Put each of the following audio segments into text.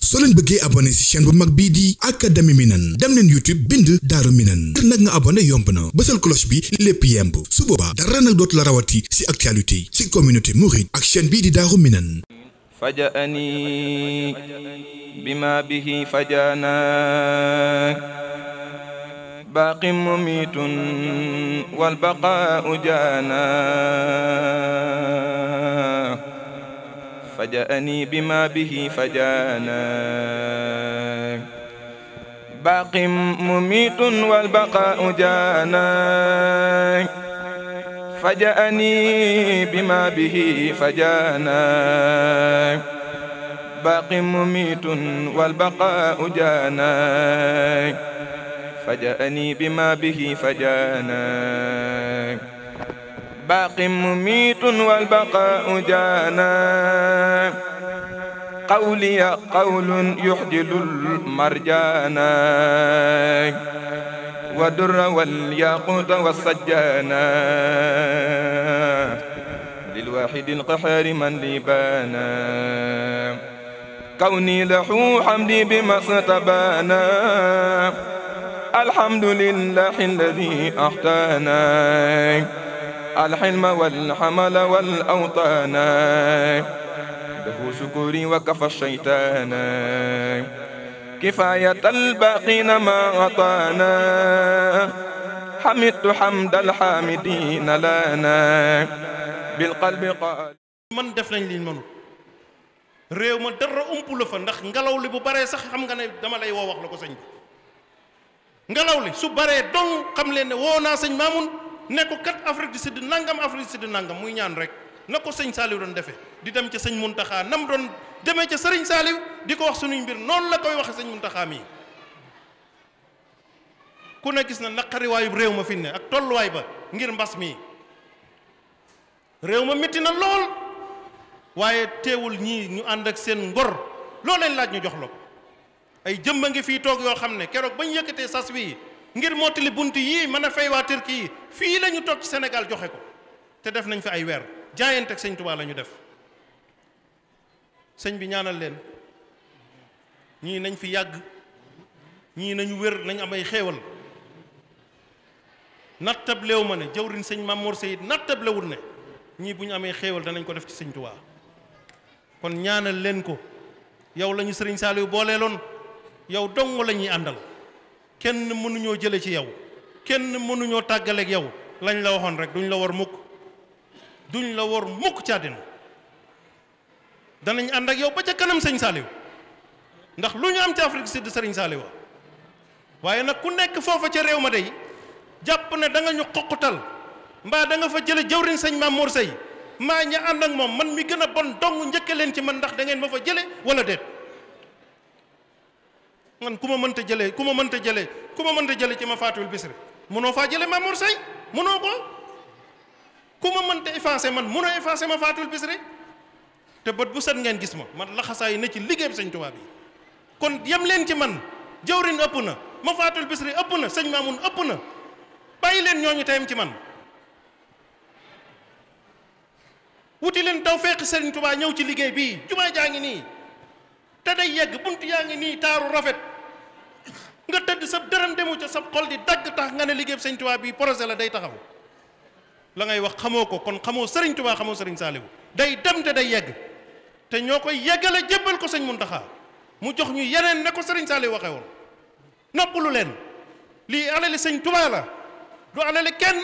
soo leen bëggee abonné bu mag bii di académie Minane dem leen YouTube bind Daaru Minane ngir nag nga abonné yomb na bësal cloche bi lépp yemb su boobaa dara nag dootu la rawati ci actualité ci communauté mouride ak chaîne bii di Daaru Minane fajaani bima bihi fajana baqi mumitun wal baqa'u jana فجأني بما به فجانا باق مميت والبقاء جانا فجأني بما به فجانا باق مميت والبقاء جانا فجأني بما به فجانا باق مميت والبقاء جانا قولي قول يحجل المرجانا والدر والياقوت والسجانا للواحد القحار من لبانا كوني له حمدي بما استبانا الحمد لله الذي أحتانا الحلم والحمل والأوطان له سكوري وكفى الشيطان كفاية الباقين ما أعطانا حمدت حمد الحامدين لنا بالقلب قال man def nañ liñ mënu réew ma dara ump la fa ndax ngelaw li bu baree sax xam nga ne dama lay woo wax la ko sëñ bi ngelaw li su baree dong xam leen ne woo naa sëñ Maamun ne ko kat Afrique du Sud nangam Afrique du Sud nangam muy ñaan rek na ko sëñ Saaliw doon defee di dem ca sëñ Muntaxa nam doon demee ca sëriñ Saaliw di ko wax sunuñ mbir noonu la koy waxe sëñ Muntaxa mii ku ne gis na naqariwaayu réew ma fi ne ak tolluwaay ba ngir mbas mii réew ma metti na lool waaye teewul ñii ñu ànd ak seen ngor loo leen laaj ñu jox la ko ay jëmba ngi fii toog yoo xam ne keroog bañ yëkkatee sas wi ngir mottali bunt yii mën a fay waa Turquie yi fii lañu ñu toog ci Sénégal joxe ko te def nañ fi ay weer jaayante ak sëñ Tuubaa la def sëñ bi ñaanal leen ñii nañ fi yàgg ñii nañu wér nañ am ay xéewal nattablewu ma ne jawriñ sëñ Mamour Seyid nattablewul ne ñii bu ñu amee xéewal danañ ko def ci sëñ kon ñaanal leen ko yow lañu sëriñ Saaliw booleeloon yow dong la àndal kenn mënuñoo jële ci yow kenn mënuñoo tàggaleek yow lañ la waxoon rek duñ la war mukk duñ la war mukk ci àddina danañ ànd ak yow ba ca kanam sëñ Saaliw ndax lu ñu am ci Afrique Sud sëriñ Saaliw waaye nag ku nekk foofa ca réew ma day jàpp ne da nga ñu xoqutal mbaa da nga fa jële jëwriñ sañ Maam Mor Sey maa ña ànd ak moom man mi gën a bon dong njëkk leen ci man ndax da ngeen ma fa jële wala déet man ku ma mënta jëlee ku ma mënta jëlee ku ma mënta jëlee ci ma faatuwul bisri mënoo faa jëlee Mamour Seye mënoo ko ku ma mënta effacé man mënoo effacé ma faatuwul bisri te bët bu set ngeen gis ma man laxasaay na ci liggéeyam sëñ Tuubaa bi kon yem leen ci man jëwrin ëpp na ma faatuwul bisri ëpp na sëñ Maamun ëpp na bàyyi leen ñooñu tayam ci man wuti leen taw feeqi sëriñ Tuubaa ñëw ci liggéey bii jumaa jaa ngi nii te day yegg bunt yaa ngi nii taaru rafet nga tëdd sa dërëm demu ca sa xol di dagg tax nga ne liggéey sañ Tuubaa bi projet la day taxaw la ngay wax xamoo ko kon xamoo sëriñ Tuubaa xamoo sëriñ Saaliwu day dem te day yegg te ñoo koy yeggale jébbal ko sañ mun Muntaxa mu jox ñu yeneen ne ko sëriñ Saaliwu waxee woon noppalu leen lii alali sañ Tuubaa la du alali kenn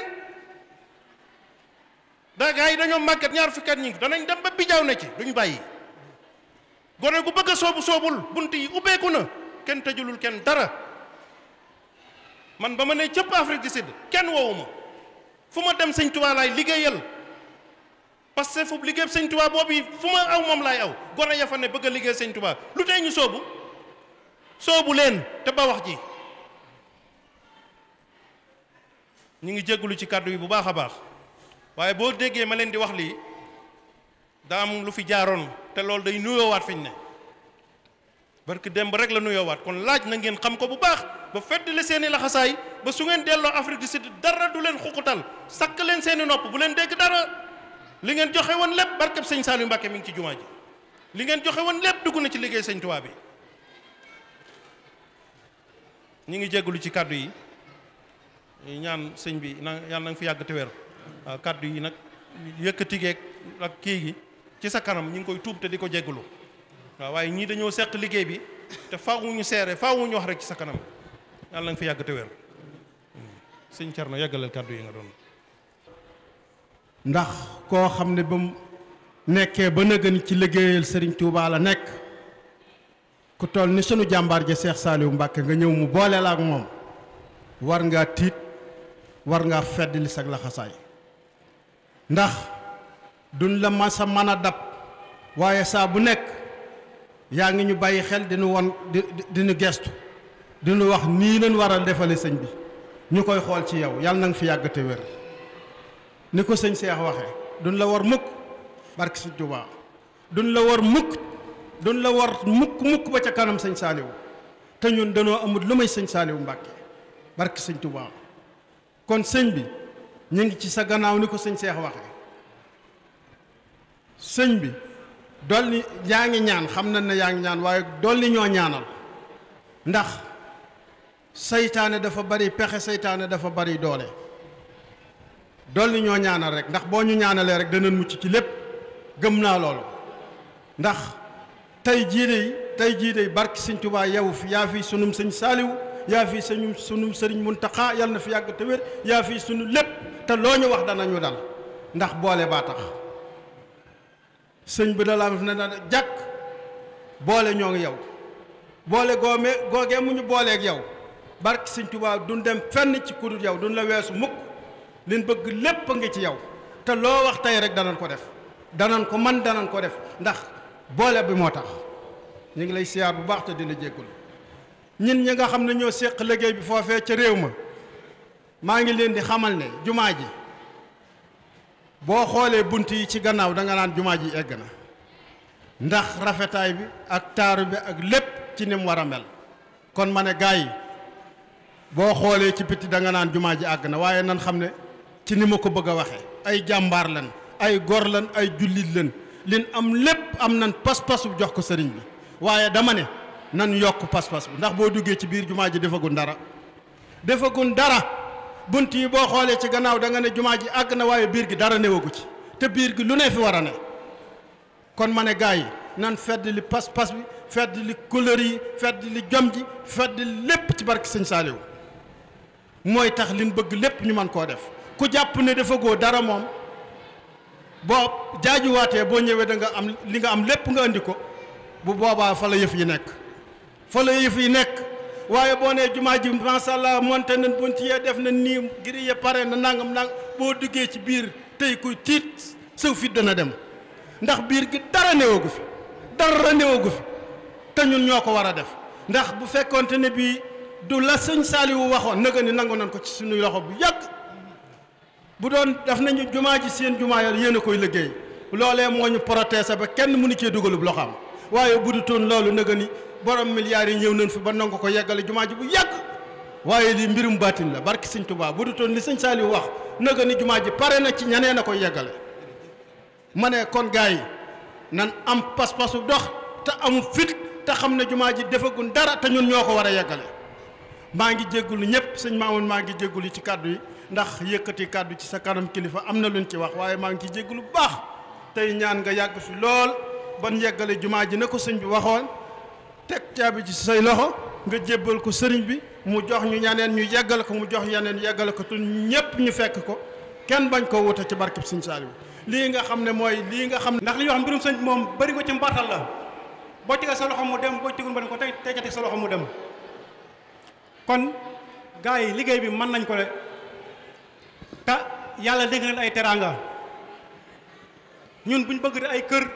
da yi dañoo màggat ñaar fukki at ñi danañ dem ba bijaaw na ci duñ bàyyi gone gu bëgg soobu soobul bunt yi ubbeeku na kenn tëjulul kenn dara man ba ma ne cëpp Afrique di Sud kenn woowu ma fu ma dem sëñ Tuubaa laay liggéeyal parce que fu liggéey sëñ Tuubaa boobu fu ma aw moom laay aw gone ya fa ne bëgg a liggéey sëñ Tuubaa lu tey ñu soobu soobu leen te ba wax ji ñu ngi jégalu ci kàddu yi bu baax a baax waaye boo déggee ma leen di wax lii daam lu fi jaaroon te loolu day nuyoowaat fi ñu ne barki démb rek la waat kon laaj na ngeen xam ko bu baax ba fedd seen seeni laxasaay ba su ngeen delloo Afrique du Sud dara du leen xuqutal sakk leen seeni nopp bu leen dégg dara li ngeen joxe woon lépp barkeb sëñ Saliou Mbacké mi ngi ci jumaa ji li ngeen joxe woon lépp dugg na ci liggéey sëñ Tuubaa bi ñi ngi jégalu ci kàddu yi ñaan sëñ bi na yàlla na nga fi yàgg te wér kàddu yi nag yëkkati geeg ak kii gi ci sa kanam ñu ngi koy tuub te di ko jégalu waaw waaye ñii dañoo seq liggéey bi te faw faawuñu seere ñu wax rek ci sa kanam yàlla na nga fi yàgg te wér sëñ Thierno yàggalal kàddu yi nga doon. ndax koo xam ne ba mu nekkee ba nëgën ci liggéeyal sëriñ Touba la nekk ku toll ni sunu jàmbaar ja Seex Saaliwu Mbàkke nga ñëw mu boole la ak moom war ngaa tiit war ngaa feddli sag laxasaay ndax duñ la masa mën a dab waaye saa bu nekk yaa ngi ñu bàyyi xel diñu won di diñu gestu diñu wax nii leen waral defale sëñ bi ñu koy xool ci yow yàlla na fi yàgg te wér ni ko sëñ Seex waxee duñ la war mukk barke si Tuubaa duñ la war mukk duñ la war mukk mukk ba ca kanam sëñ Saaliwu te ñun dañoo amul lu may sëñ Saaliwu Mbàkke barke sëñ Tuubaa kon sëñ bi ñu ngi ci sa gannaaw ni ko sëñ Seex waxee sëñ bi dool dolli yaa ngi ñaan xam nañ ne yaa ngi ñaan waaye dolli ñoo ñaanal ndax seytaane dafa bari pexe seytaane dafa bari doole dool dolli ñoo ñaanal rek ndax boo ñu ñaanalee rek danañ mucc ci lépp gëm naa loolu ndax tey jii yi tey jii de barki sëñ Tuubaa yow fi yaa fi sunum sëñ Saaliw yaa fi suñu sunum sëriñ Muntaxa yal na fi yàgg te yaa fi sunu lépp te loo ñu wax danañu dal ndax boole baa tax sëñ bi da laa def ne na jàkk boole ñoo ngi yow boole goome googee mu ñu booleek yow barke sëñ Tuubaa duñ dem fenn ci kudut yow duñ la weesu mukk leen bëgg lépp a ngi ci yow te loo wax tey rek danañ ko def danañ ko man danañ ko def ndax boole bi moo tax ñu ngi lay siyaar bu baax te dina la jéggul ñin ñi nga xam ne ñoo séq liggéey bi foofee ca réew ma maa ngi leen di xamal ne jumaa ji boo xoolee bunt yi ci gannaaw da nga naan jumaa ji egg na ndax rafetaay bi ak taaru bi ak lépp ci ni mu war a mel kon ma ne gaa yi boo xoolee ci biti danga naan jumaa ji àgg na waaye nan xam ne ci ni ma ko bëgg a waxee ay jàmbaar lan ay gor lan ay jullit lan lin am lépp am nan pas-pasu jox ko sëriñ bi waaye dama ne nan yokk pas-pas bi ndax boo duggee ci biir jumaa ji defagun dara defagun dara bunt yi boo xoolee ci gannaaw da nga ne jumaa ji àgg na waaye biir gi dara newagu ci te biir gi lu ne fi war a ne kon ma ne gars yi nan fedd li pas-pas bi fedd li couleur yi fedd li jom ji fedd lépp ci barke sëñ Saaliw mooy tax liñ bëgg lépp ñu man koo def ku jàpp ne dafa góo dara moom boo jaajuwaatee boo ñëwee da nga am li nga am lépp nga andi ko bu boobaa fa la yëf yi nekk fa la yëf yi nekk waaye boo nee jumaa ji macha allah monté nañ bunt yee def nañ nii giri ya pare na nangam nang boo duggee ci biir tey kuy tiit sëw fit dana dem ndax biir gi dara newagu fi dara newagu fi te ñun ñoo ko war a def ndax bu fekkonte ne bii du la sëñ Saliou waxoon naka ni nangu nañ ko ci suñuy loxo bu yàgg bu doon def nañu jumaa ji seen jumaa yor yéen a koy liggéey loolee moo ñu protesté ba kenn mënu cee dugalub loxo am waaye bu dutoon loolu naka borom milliards yi ñëw nañ fi ba nangu ko yeggale jumaa ji bu yàgg waaye lii mbirum baatin la barki sëñ Tuubaa bu dutoon li sëñ Saliou wax naka ni jumaa ji pare na ci ñanee na koy yeggale ma ne kon gars yi nan am pas-pasu dox te amul fit te xam ne jumaa ji defagul dara te ñun ko war a yeggale maa ngi jéggulu ñëpp sëñ Maamoun maa ngi jéggulu ci kàddu yi ndax yëkkati kàddu ci sa kanam kilifa am na luñ ci wax waaye maa ngi ci jéggulu bu baax tey ñaan nga yàgg fi lool ban yeggalee jumaa ji ne ko sëñ bi waxoon teg caabi ci say loxo nga jébbal ko sëriñ bi mu jox ñu ñaneen ñu yeggal ko mu jox ñu yeggal ko te ñépp ñu fekk ko kenn bañ koo wute ci barkeb sëñ Saaliw lii nga xam ne mooy lii nga xam ne ndax li ñuy wax mbirum sëñ moom bari ko ci mbartal la boo tegee sa loxo mu dem boo tegul ba ko tey teg sa loxo mu dem kon gars yi liggéey bi mën nañ ko de te yàlla dénk ay teraanga ñun buñ bëgg ay kër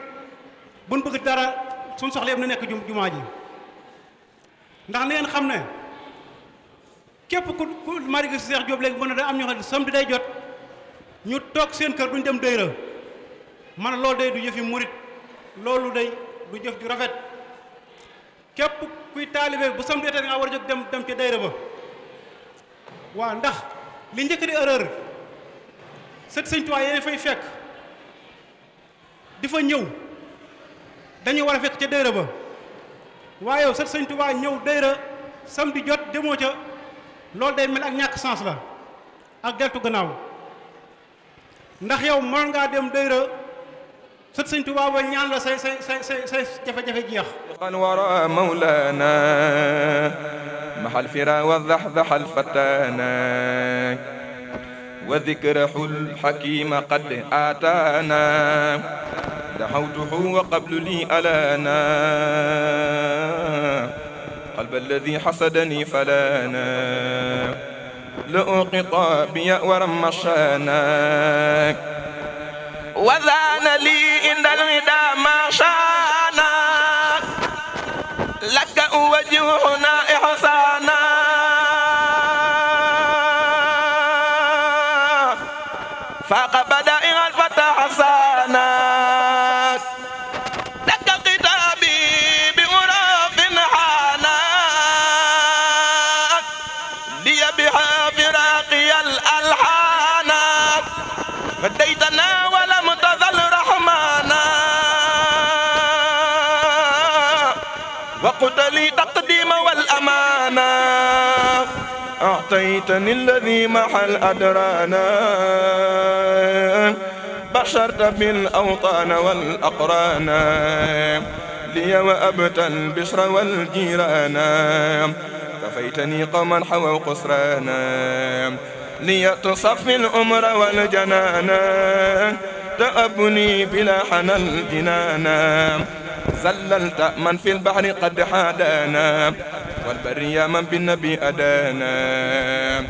buñ bëgg dara suñ soxla yëpp na nekk jumaa ji ndax na ngeen xam ne képp ku ku mariga si Seex Jóob léegi mu ne da am ñoo xam ne samedi day jot ñu toog seen kër duñ dem dayra man loolu de du jëfi murit loolu day du jëf ju rafet képp kuy taalibe bu samedi jotee nga war a jóg dem dem ci dayra ba waaw ndax li njëkk di erreur sët sëñ Tuubaa yéen fay fekk di fa ñëw dañu war a fekk ca dayra ba waaye yow sët sëñ Tuubaa ñëw dayra samedi jot demoo ca loolu day mel ak ñàkk sens la ak deltu gannaaw ndax yow mën ngaa dem dayra sët sëñ Tuubaa ba ñaan la say say say say jafe-jafe jeex an wara mawlana mahal fira wa daxdaxal fatana وذكره الحكيم قد آتانا دعوته وقبل لي ألانا قلب الذي حسدني فلانا لأقطع بي ورمشانا وذان لي عند الغدا ما شانا لك أوجهنا فقد بدأ أعطيتني الذي محل أدرانا بشرت بالأوطان والأقران لي وأبتى البشر والجيران كفيتني قمن حوى قسرانا لي تصفي الأمر والجنانا تأبني بلا حنى الجنانا زللت من في البحر قد حادانا والبر يا من بالنبي أدانا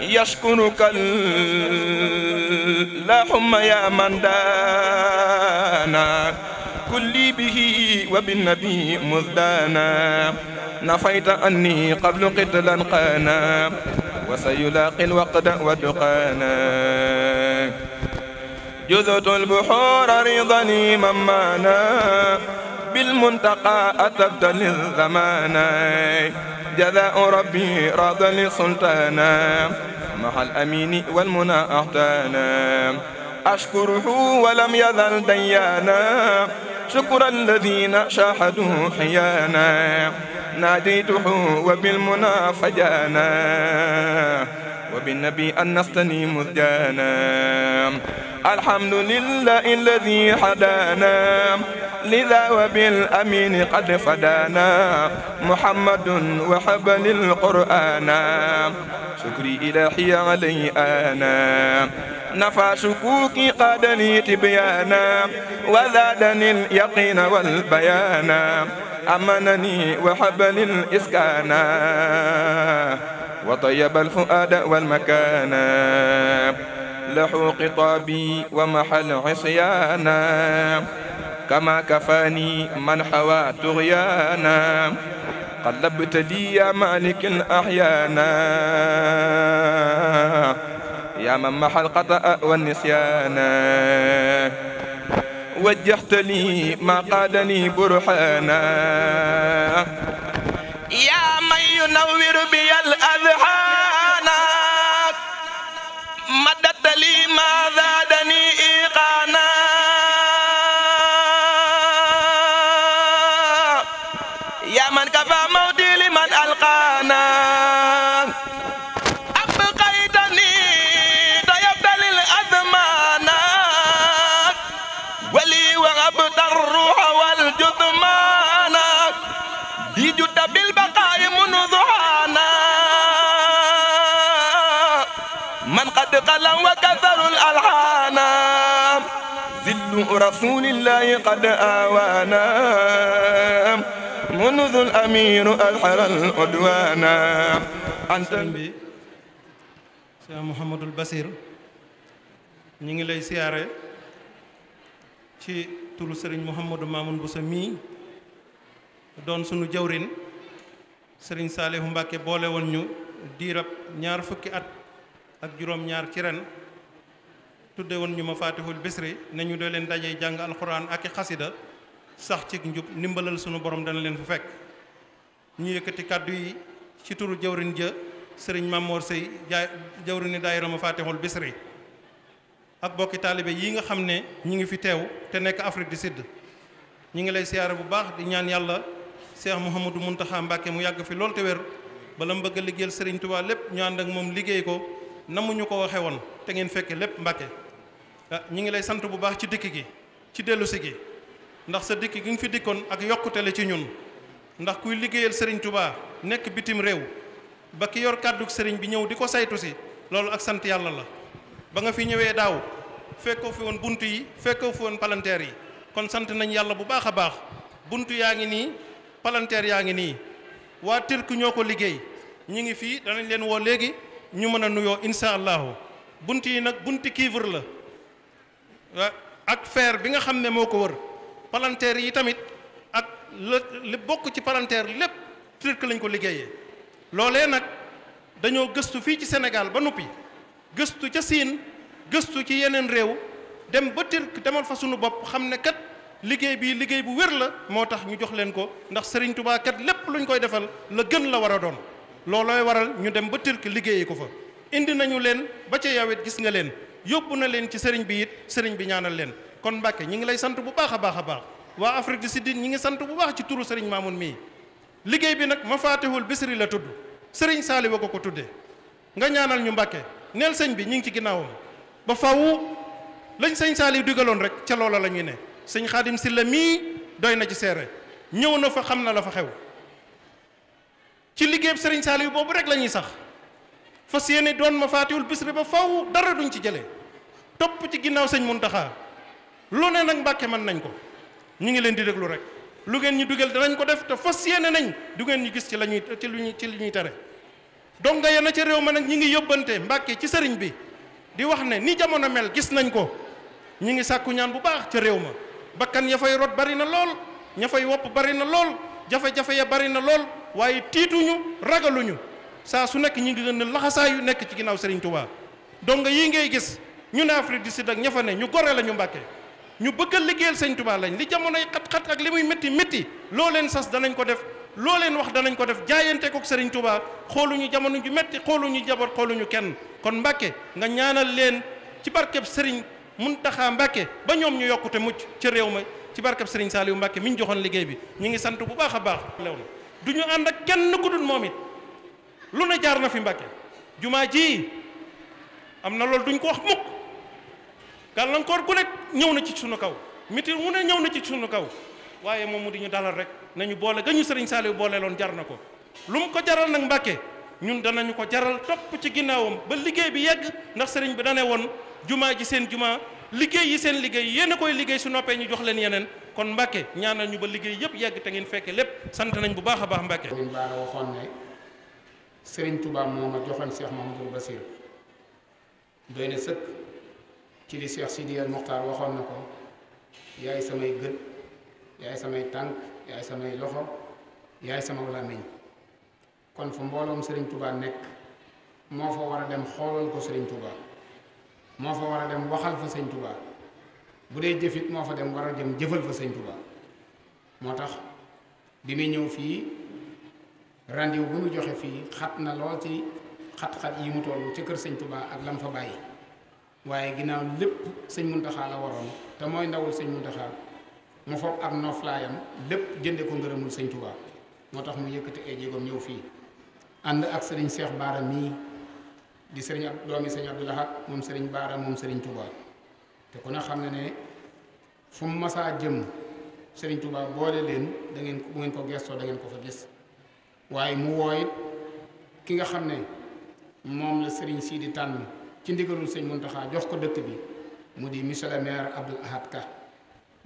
يشكرك اللهم يا من دانا كل به وبالنبي مزدانا نفيت أني قبل قتلا قانا وسيلاقي الوقت ودقانا جذت البحور رضني ممانا بالمنتقى أتبت للزمان جزاء ربي راض لسلطانا مع الأمين والمنى أحتانا أشكره ولم يزل ديانا شكر الذين شاهدوا حيانا ناديته وبالمنى فجانا وبالنبي أن نستني مذجانا الحمد لله الذي حدانا لذا وبالأمين قد فدانا محمد وحبل القرآن شكري إلهي علي أنا نفى شكوكي قاد لي تبيانا وزادني اليقين والبيانا أمنني وحبل الإسكانا وطيب الفؤاد والمكانا لحو قطابي ومحل عصيانا كما كفاني من حوى طغيانا قد لبت لي يا مالك أحيانا يا من محى القطأ والنسيان وجهت لي ما قادني برهانا يا من ينور بي رسول الله قد آوانا منذ الأمير أظهر العدوان أنت bi Cheikh Mouhamadul Basir ñu ngi lay siyaare ci turu Serigne Mouhamadou Mamoun Boussa mii doon sunu jawrin Serigne Saalihu Mbàkke boole woon ñu diirab ñaar fukki at ak juróom-ñaar ci ren tudde woon ñu ma faatihul bisri ne ñu doo leen dajee jàng alxuraan ak i xasida sax ci njub ndimbalal sunu borom dana leen fu fekk ñu yëkkati kàddu yi ci turu jawrin ja sëriñ Mamor Sey jaay jawrini daayira ma faatihul bisri ak bokki taalibe yi nga xam ne ñi ngi fi teew te nekk Afrique du Sud ñi ngi lay siyaare bu baax di ñaan yàlla mu Cheikh Mouhamadou Mountakha Mbacké mu yàgg fi lool te wér bala mu bëgg a liggéeyal Serigne Touba lépp ñu ànd ak moom liggéey ko namuñu ko waxe woon te ngeen fekke lépp Mbacké Ah, ñi ngi lay sant bu baax ci dikk gi ci dellusi gi ndax sa dikk gi nga fi dikkoon ak yokkute la ci ñun ndax kuy liggéeyal sëriñ Touba nekk bitim réew ba ki yor kàddu sëriñ bi ñëw di ko saytu si loolu ak sant yàlla la ba nga fi ñëwee daaw fekkoo fi woon bunt yi fekkoo fi woon palanteer yi kon sant nañ yàlla bu baax a baax bunt yaa ngi nii palanteer yaa ngi nii waa turk ñoo ko liggéey ñi ngi fii danañ leen woo léegi ñu mën a nuyoo insha allahu bunt yi nag bunti kiivre la Euh, ak fer bi nga xam ne moo ko wër palanteer yi tamit ak li bokk ci palanteer lépp turc lañ ko liggéeyee loolee nag dañoo gëstu fii ci Sénégal ba noppi gëstu ca Siin gëstu ci yeneen réew dem ba turc demal fa sunu bopp xam ne kat liggéey bi liggéey bu wér la moo tax ñu jox leen ko ndax Serigne Touba kat lépp luñ koy defal la gën la war a doon loolooy waral ñu dem ba turc liggéeyee ko fa indi nañu leen ba ca yawet gis nga leen yóbbu na leen ci sëriñ bi it sëriñ bi ñaanal leen kon Mbàkke ñi ngi lay sant bu baax a baax a baax waa Afrique du Sud ñi ngi sant bu baax ci turu sëriñ Maamun mii liggéey bi nag ma Mafatihul Bisri la tudd sëriñ Saaliw ko ko tudde nga ñaanal ñu Mbàkke neel sëñ bi ñu ngi ci ginnaawam ba faw lañ sëñ Saaliw digaloon rek ca loola la ne sëñ Xaadim Silla mii doy na ci seere ñëw na fa xam na la fa xew ci liggéeyam sëriñ Saaliw boobu rek la ñuy sax fas yéene doon Mafatihul Bisri ba faw dara duñ ci jëlee topp ci ginnaaw sëñ mun Muntaxa loo ne nag Mbàkke mën nañ ko ñu ngi leen di déglu rek lu ngeen ñu dugal danañ ko def te fas yéene nañ du ngeen ñu gis ci la ñuy ci lu ñuy ci li ñuy tere donc nga yéen a ca réew ma nag ñi ngi yóbbante Mbàkke ci sëriñ bi di wax ne ni jamono mel gis nañ ko ñi ngi sàkku ñaan bu baax ca réew ma bakkan ya fay rot bari na lool ña fay wopp bari na lool jafe-jafe ya bari na lool waaye tiituñu ragaluñu saa su nekk ñi ngi gën a laxasaayu nekk ci ginnaaw sëriñ Tuubaa donc yii ngay gis ñu ñun Afrique du Sud ak ña fa ne ñu gore la ñu Mbàkke ñu bëgg a liggéeyal sëñ Tuubaa lañ li jamonoy xat-xat ak li muy métti métti loo leen sas danañ ko def loo leen wax danañ ko def jaayante kook sëriñ xoolu ñu jamono ju ñu xooluñu jaboot ñu kenn kon Mbàkke nga ñaanal leen ci barkeb sëriñ Muntaxa Mbàkke ba ñoom ñu yokkute mucc ci réew ma ci barkeb sëriñ Saaliwu Mbàkke mi ñu joxoon liggéey bi ñu ngi sant bu baax a baax lew na du ñu ànd ak kenn ku moom it lu ne jaar jumaa ji am na loolu duñ ko wax mukk gàllankoor gu nekk ñëw na ci suñu kaw miti mu ne ñëw na ci sunu kaw waaye moom mu di ñu dalal rek nañu boole ga ñu sëriñ Saliou boole loon jar na ko lu mu ko jaral nag Mbàkke ñun danañu ko jaral topp ci ginnaawam ba liggéey bi yegg ndax sëriñ bi dane woon jumaa ji seen jumaa liggéey yi seen liggéey yéen a koy liggéey su noppee ñu jox leen yeneen kon Mbàkke ñaanal ñu ba liggéey yëpp yegg te ngeen fekke lépp sant nañ bu baax a baax Mbàkke sëriñ Baara waxoon ne sëriñ Touba moo ma joxoon Cheikh Mamadou Bassir doy na sëkk ci li Cheikh Sidi al Muxtaar waxoon na ko yaay samay gët yaay samay tànk yaay samay loxo yaay sama làmmiñ kon fu mbooloom Serigne Touba nekk moo fa war a dem xoolal ko Serigne Touba moo fa war a dem waxal fa Sëñ bu dee jëfit moo fa dem war a dem jëfal fa Sëñ Touba moo tax bi muy ñëw fii rendez bu ñu joxe fii xat na lool ci xat-xat yi mu toll ci kër Sëñ Touba ak lam fa bàyyi. waaye ginnaaw lépp sëñ Muntaxa la waroon te mooy ndawul sëñ Muntaxa mu foog ab noflaayam lépp jënde ko ngërëmul sëñ Tuubaa moo tax mu te ay jéegoom ñëw fii ànd ak sëriñ Cheikh Baara mii di sëriñ ab doomi sëñ Abdou Lahad moom sëriñ Baara moom seriñ Tuubaa te ku ne xam ne ne fu mu masaa jëm sëriñ Tuubaa boole leen da ngeen bu ngeen ko geestoo da ngeen ko fa gis waaye mu wooyit ki nga xam ne moom la sëriñ sii di tànn ci ndigalul sëñ Muntaxa jox ko dëkk bi mu di monsieur le maire Abdoul Ahad Ka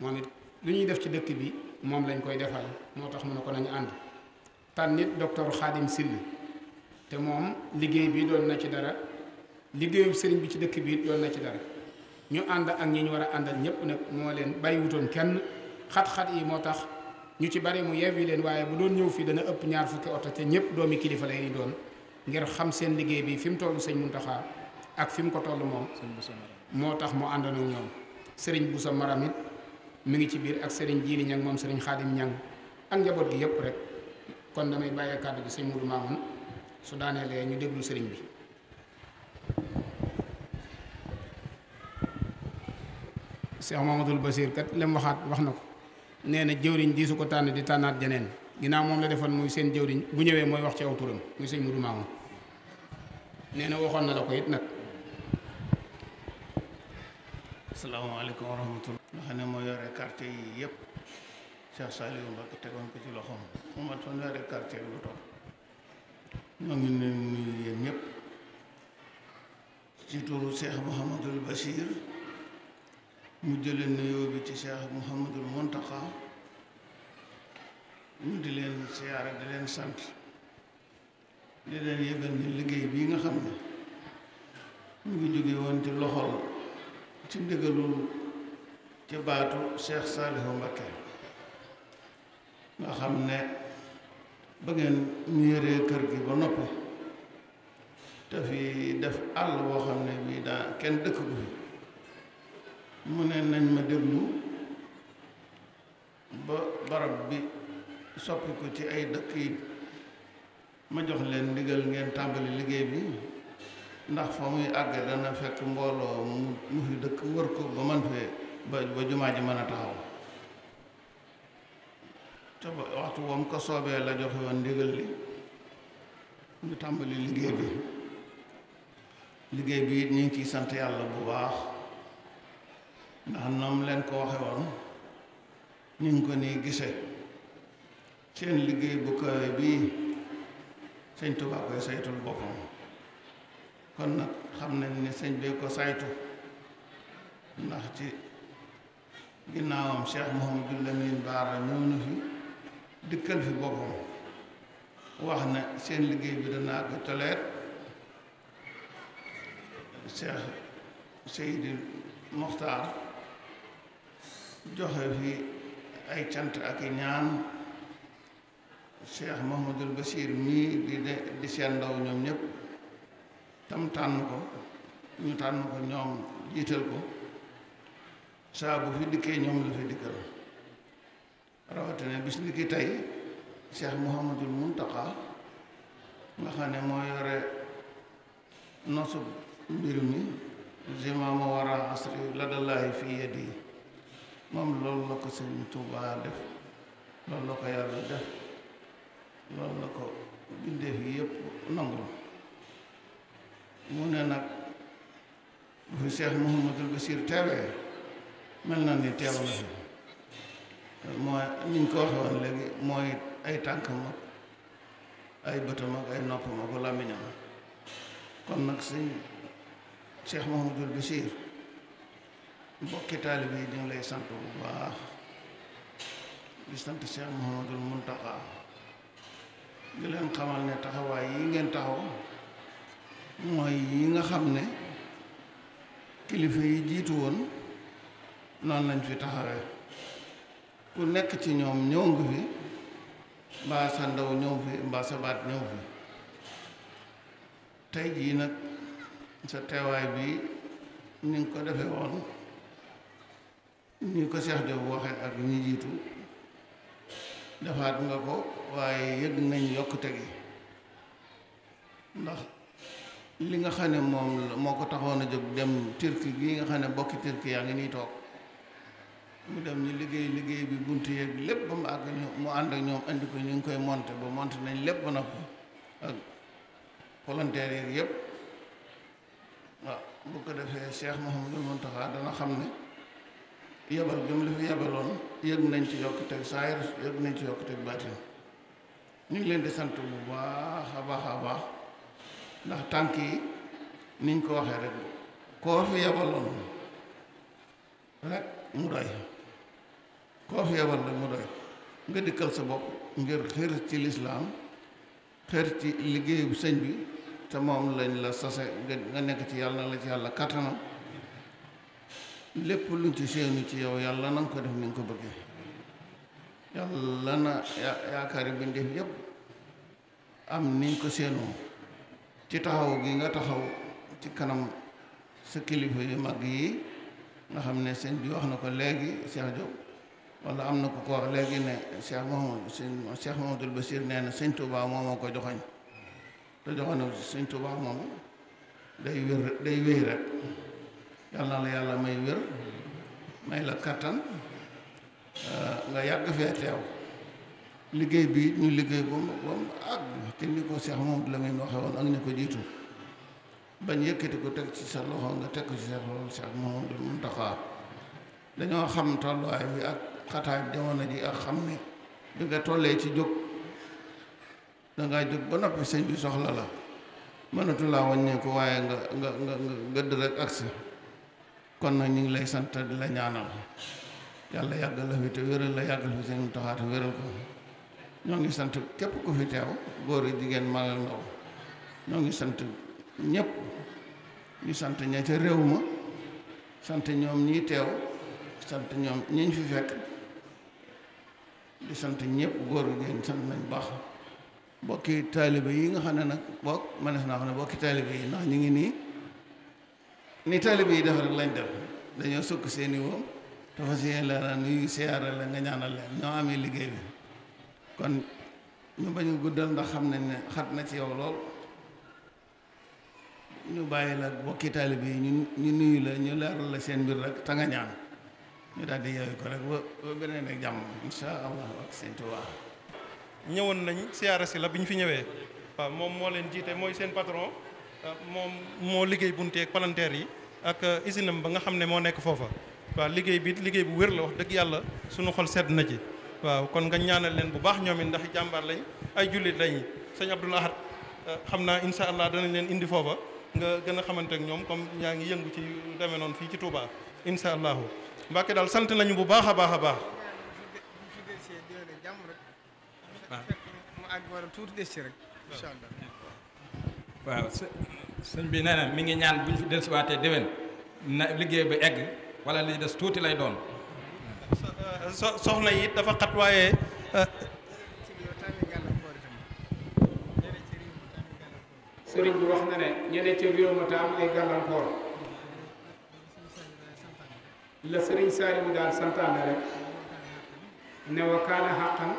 moom it lu ñuy def ci dëkk bi moom lañ koy defal moo tax mu ne ko nañu ànd tànn nit docteur Khadim Syll te moom liggéey bi doon na ci dara liggéeyu sëriñ bi ci dëkk bi doon na ci dara ñu ànd ak ñi ñu war a àndal ñëpp nag moo leen bay bàyyiwutoon kenn xat-xat yi moo tax ñu ci bari mu yewwi leen waaye bu doon ñëw fii dana ëpp ñaar fukki oto te ñëpp doomi kilifa lay doon ngir xam seen liggéey bi fi mu tollu sëñ Muntaxa ak fi ko toll moom moo tax mu àndoon ak ñoom sëriñ sa Maram it mu ngi ci biir ak sëriñ Jiili Ñang moom sëriñ Xaadim Ñang ak njaboot gi yépp rek kon damay bàyyee kàddu gi sëñ Moudou Mamoun su daaneelee ñu déglu sëriñ bi Cheikh Mamadou Basir kat lem waxaat wax na ko nee na jëwriñ di su ko tànn di tànnaat jeneen ginnaaw moom la defoon muy seen jëwriñ bu ñëwee mooy wax ci aw turam muy sëñ Moudou Mamoun nee na waxoon na la ko it nag asalaamaaleykum wa rahmatulah. nga xam ne moo yore quartier yi yëpp Cheikh Saliou Mbacké tegoon ko ci loxoom mu mat fanweeri quartier lu topp ñoo ngi leen nuyu yéen ñëpp ci turu Cheikh Mouhamadul Bachir mu jëlee nuyoo bi ci Cheikh Mouhamadul Mountakha ñu di leen siyaara di leen sant di leen yëgal ne liggéey bii nga xam ne ñu ngi jóge woon ci loxol. ci ndigalul ci baatu Cheikh Saliou Mbacké nga xam ne ba ngeen ñu yëree kër gi ba nopp te fi def àll woo xam ne bii daa kenn dëkk bu fi mu ne nañ ma déglu ba barab bi sopp ko ci ay dëkk yi ma jox leen ndigal ngeen tàmbali liggéey bi ndax fa muy àgg dana fekk mbooloo mu fi dëkk wër ko ba man fee ba jumaa ji mën a taxaw te ba waxtu woom ko soobee la joxe woon ndigal li ñu tàmbali liggéey bi liggéey bi ñu ngi ciy sant yàlla bu baax noom leen ko waxe woon ñu ngi ko nii gise seen liggéey bu kawe bii sëñ Tuubaa koy saytul boppam kon nag xam nañ ne sëñ bi ko saytu ndax ci ginnaawam Cheikh Mouhamadou Lamine Baara ñëw na fi dikkal fi boppam wax na seen liggéey bi dana àgg toleet Cheikh Seydi Moxtaar joxe fi ay cant ak i ñaan Cheikh Mouhamadou Bachir mii di de di seen ndaw ñoom ñëpp tam tànn ko ñu tànn ko ñoom jiital ko saa bu fi dikkee ñoom la fi dikkal rawatina bis ni ki tey Cheikh Mouhamadul Muntaqa nga xam ne moo yore nosub mbir mi zimaama wara asri la dalaayi fi yadi moom loolu la ko sëñ Tuubaa def loolu la ko yàlla def loolu la ko bindee fi yëpp nangul mu ne nag bu fi Cheikh Mouhamadul Bachir teewee mel na ni teew na mooy niñ ko waxe woon léegi mooy ay tànkam ak ay bëtam ak ay noppam ak làmmiñam kon nag sëñ Cheikh Mouhamadul Bachir mbokki taalibe yi ñu lay sant bu baax di sant Cheikh Mouhamadul Muntaqa di leen xamal ne taxawaay yi ngeen taxaw mooy yi nga xam ne kilifa yi jiitu woon noonu lañ fi taxawee ku nekk ci ñoom ñëw nga fi mbaa sa ndaw ñëw fi mbaa sa baat ñëw fi tey jii nag sa teewaay bi ni nga ko defee woon ni ko Cheikh Diop waxee ak ñi jiitu defaat nga ko waaye yëg nañ yokkute gi ndax li nga xam ne moom moo ko taxoon a jóg dem turki gi nga xam ne bokki turki yaa ngi nii toog mu dem ñu liggéey liggéey bi bunt yeeg lépp ba mu àgg mu ànd ak ñoom andi ko ñu ngi koy monté ba monte nañ lépp na ko ak volontaire yeeg yëpp waaw bu ko defee Cheikh Mouhamadou Mountakha dana xam ne yebal bi mu la fi yebaloon yëg nañ ci yokkuteg saayir yëg nañ ci yokkuteg baatin ñu ngi leen di sant bu baax a baax a baax ndax tànk yi niñ ko waxee rek koo fi yebaloon rek mu doy koo fi yebal rek mu doy nga dikkal sa bopp ngir xër ci lislaam xër ci liggéeyu sëñ bi te moom lañ la sase nga nekk ci yàlla na la ci yàlla kattanam lépp luñ ci séenu ci yow yàlla na nga ko def ni nga ko bëggee yàlla na yaakaari bi ñu def yépp am niñ ko séenoo ci taxaw gi nga taxaw ci kanam sa kilifa yu mag yi nga xam ne sëñ bi wax na ko léegi Cheikh Diop wala am na ku ko wax léegi ne Cheikh Mouhamadou sëñ Cheikh Mouhamadoul Bachir nee na sëñ Touba moom moom day wér day wéy rek yàlla la yàlla may wér may la kàttan euh, nga yàgg fee teew liggéey bi ñu liggéey ba mu ba mu àgg te ni ko Cheikh Mamadou Lamine waxe woon ak ni ko jiitu bañ yëkkati ko teg ci sa loxo nga teg ko ci sa loxo Cheikh Mamadou Mountakha dañoo xam tolluwaay bi ak xataay jamono ji ak xam ne bi nga tollee ci jóg dangaa jóg ba noppi sëñ bi soxla la mënatu laa wàññeeku waaye nga nga nga nga gëdd rek agsi kon nag ñu ngi lay sant di la ñaanal yàlla yàggal la fi te wéral la yàggal fi sëñ Mountakha wéral ko ñoo ngi sant képp ku fi teew góor yi jigéen malal ndaw ñoo ngi sant ñépp ñu sant ña ca réew ma sant ñoom ñii teew sant ñoom ñiñ fi fekk di sant ñépp góor yi jigéen sant nañ baax bokki taalibe yi nga xam ne nag bokk manees naa xam ne bokki taalibe yi ndax ñu ngi nii ni taalibe yi dafa rek lañ def dañoo sukk seeni woom dafa si yéen la nuyu siyaare nga ñaanal leen ñoo amee liggéey bi kon ñu bañ guddal ndax xam nañ ne xat na ci yow lool ñu bàyyi la bokki taalibe yi ñu ñu nuyu la ñu leeral la seen mbir rek ta nga ñaan ñu daal di ko rek ba ba beneen ak jàmm insha allah ak seen Tuubaa ñëwoon nañ siyaara si la bi ñu fi ñëwee waaw moom moo leen jiite mooy seen patron moom moo liggéey bunteeg palanteer yi ak isinam euh, ba nga xam ne moo nekk foofa waaw liggéey bi liggéey bu wér la wax dëgg yàlla suñu xol sedd na ci waaw kon nga ñaanal leen bu baax ñoom it ndax jàmbaar lañ ay jullit lañ sëñ Abdoul Ahad euh, xam naa incha allah danañ leen indi foofa nga gën a xamante ak ñoom comme yaa ngi yëngu ci demee noonu fii ci Touba incha allahu Mbàkke daal sant nañu bu baax a baax a baax. waaw sëñ bi nee na mi ngi ñaan bu ñu fi dellusiwaatee na liggéey ba egg wala li des tuuti lay doon. soxna yi dafa xat waaye eh, sëriñ bi wax na ne ñeneen ci réew ma ay gàllankoor la sëriñ saari bu daal santaane rek ne wa xaqan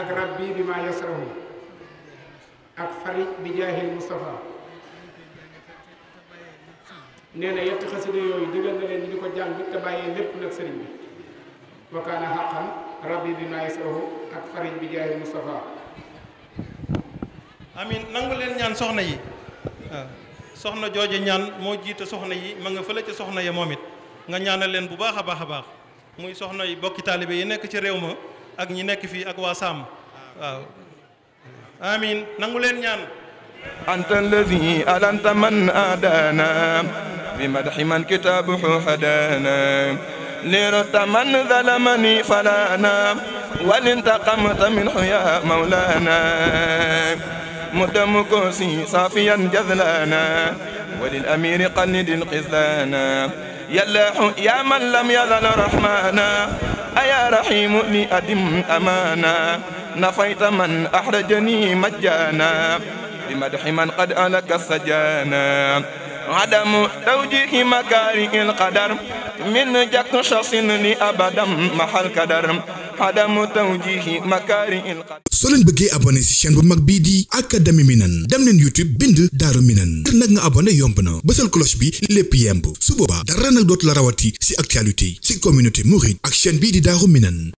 ak rabbi bi ma yasrahu ak farid bi Mustafa nee na yetti yooyu digal na leen ñu di ko jàng te bàyyee lépp nag sëriñ bi wakaana xaqan rabbi bi maay soxu ak amin nangu leen ñaan soxna yi soxna jooje ñaan moo jiite soxna yi ma nga fële ca soxna ya moom it nga ñaana leen bu baax a baax a baax muy soxna yi bokki taalibe yi nekk ci réew ma ak ñi nekk fii ak waa Sàmm waaw amin nangu leen ñaan anta allazi alanta man adana بمدح من كتابه هدانا لرت من ظلمني فلانا ولانتقمت منه يا مولانا مدم كوسي صافيا جذلانا وللأمير قند القزلانا يلاح يا من لم يزل رحمانا أيا رحيم لي أدم أمانا نفيت من أحرجني مجانا بمدح من قد ألك السجانا عدم توجيه مكاره القدر من جك شخص لأبدا محل قدر عدم توجيه مكاره القدر soo leen bëggee abonné ci chaîne bu mag bii di ak académie Minane dem leen YouTube bind Daaru Minane ngir nag nga abonné yomb na bësal cloche bi lépp yemb su boobaa dara nag dootu la rawati ci actualité ci communauté mouride ak chaîne bii di Daaru Minane